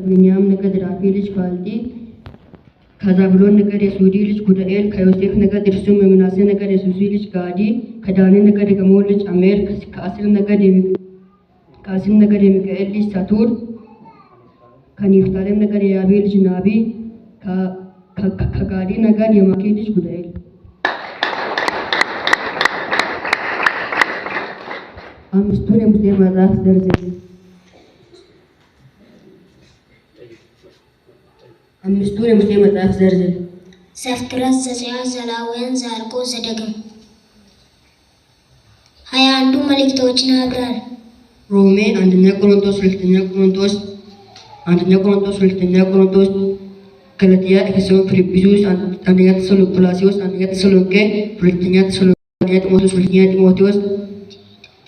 ከብንያም ነገድ ራፊ ልጅ ባልዲ፣ ከዛብሎን ነገድ የሱዲ ልጅ ጉዳኤል፣ ከዮሴፍ ነገድ እርሱም የምናሴ ነገድ የሱሲ ልጅ ጋዲ፣ ከዳኒ ነገድ የገሞ ልጅ አሜር፣ ከአስል ነገድ የሚካኤል ልጅ ሳቱር፣ ከኒፍታሌም ነገድ የያቤ ልጅ ናቢ፣ ከጋዲ ነገድ የማኬ ልጅ ጉዳኤል። አምስቱን የሙሴ መጽሐፍ ዘርዝር። አምስቱን የሙሴ መጽሐፍ ዘርዝር። ዘፍጥረት፣ ዘጸአት፣ ዘሌዋውያን፣ ዘኍልቍ፣ ዘዳግም። ሀያ አንዱ መልእክቶችን አብራር። ሮሜ፣ አንደኛ ቆሮንቶስ፣ ሁለተኛ ቆሮንቶስ፣ አንደኛ ቆሮንቶስ፣ ሁለተኛ ቆሮንቶስ፣ ገላትያ፣ ኤፌሶን፣ ፊልጵስዩስ፣ አንደኛ ተሰሎንቄ፣ ሁለተኛ ተሰሎንቄ፣ ሁለተኛ ጢሞቴዎስ፣ ሁለተኛ ጢሞቴዎስ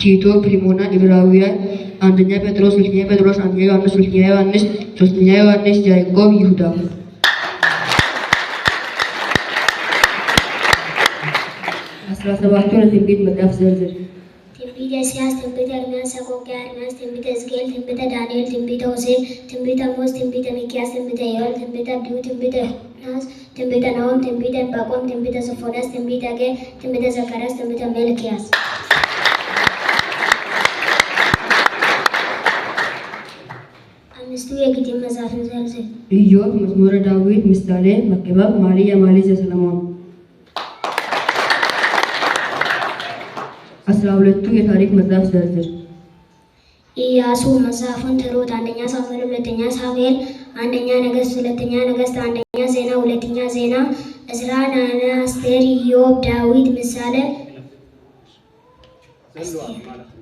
Tito, Filimona, Ibrawiyah, Antonia, Petros, Sultania, Petros, Antonia, Yohanes, Sultania, Yohanes, Sultania, Yohanes, Jacob, Yehuda. አስራ ሰባቱን ትንቢት መጽሐፍ ዝርዝር ትንቢተ ኢሳያስ፣ ትንቢተ ኤርምያስ፣ ሰቆቅያ ኤርምያስ፣ ትንቢተ ሕዝቅኤል፣ ትንቢተ ዳንኤል፣ ትንቢተ ሆሴዕ፣ ትንቢተ አሞጽ፣ ትንቢተ ሚክያስ፣ ትንቢተ ዮኤል፣ ትንቢተ አብድዩ፣ ትንቢተ ዮናስ፣ ትንቢተ ናሆም፣ ትንቢተ ዕንባቆም፣ ትንቢተ ሶፎንያስ፣ ትንቢተ ሐጌ፣ ትንቢተ ዘካርያስ፣ ትንቢተ መልክያስ አምስቱ የግጥም መጽሐፍን ዘርዝር። ኢዮብ፣ መዝሙረ ዳዊት፣ ምሳሌ፣ መክብብ፣ መኃልየ መኃልይ ዘሰሎሞን። አስራ ሁለቱ የታሪክ መጽሐፍ ዘርዝር። ኢያሱ፣ መጽሐፉን ትሩፋት፣ አንደኛ ሳሙኤል፣ ሁለተኛ ሳሙኤል፣ አንደኛ ነገስት ሁለተኛ ነገስት አንደኛ ዜና፣ ሁለተኛ ዜና፣ ዕዝራ፣ ናህምያ፣ አስቴር፣ ኢዮብ፣ ዳዊት፣ ምሳሌ ማለት ነው።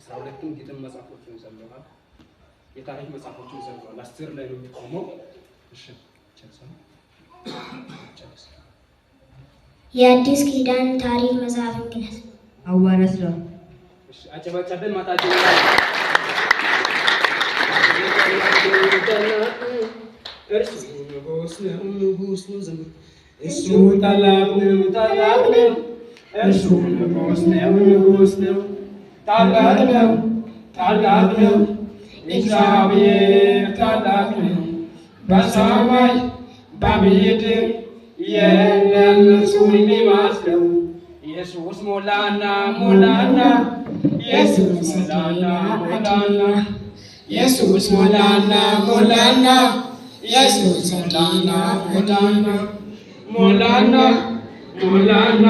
አስራ ሁለቱም ግጥም መጽሐፎቹን ዘምረዋል። የታሪክ መጽሐፎቹን ዘምረዋል። አስር ላይ ነው የሚቆመው። እሺ የአዲስ ኪዳን ታሪክ መጽሐፍ እንግለጽ። ሐዋርያት ሥራ አጨበጨብን ማጣጭ እርሱ ንጉሥ ነው ንጉሥ ነው ዘምር እሱ ታላቅ ነው ታላቅ ነው እርሱ ንጉሥ ነው ንጉሥ ነው ታላቅ ነው፣ ታላቅ ነው፣ እግዚአብሔር ታላቅ ነው። በሰማይ በምድር የለም እርሱን የሚመስለው። ኢየሱስ ሞላና ሞላና፣ ኢየሱስ ሞላና ሞላና፣ ኢየሱስ ሞላና ሞላና፣ ኢየሱስ ሞላና ሞላና፣ ሞላና ሞላና፣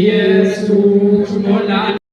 ኢየሱስ ሞላና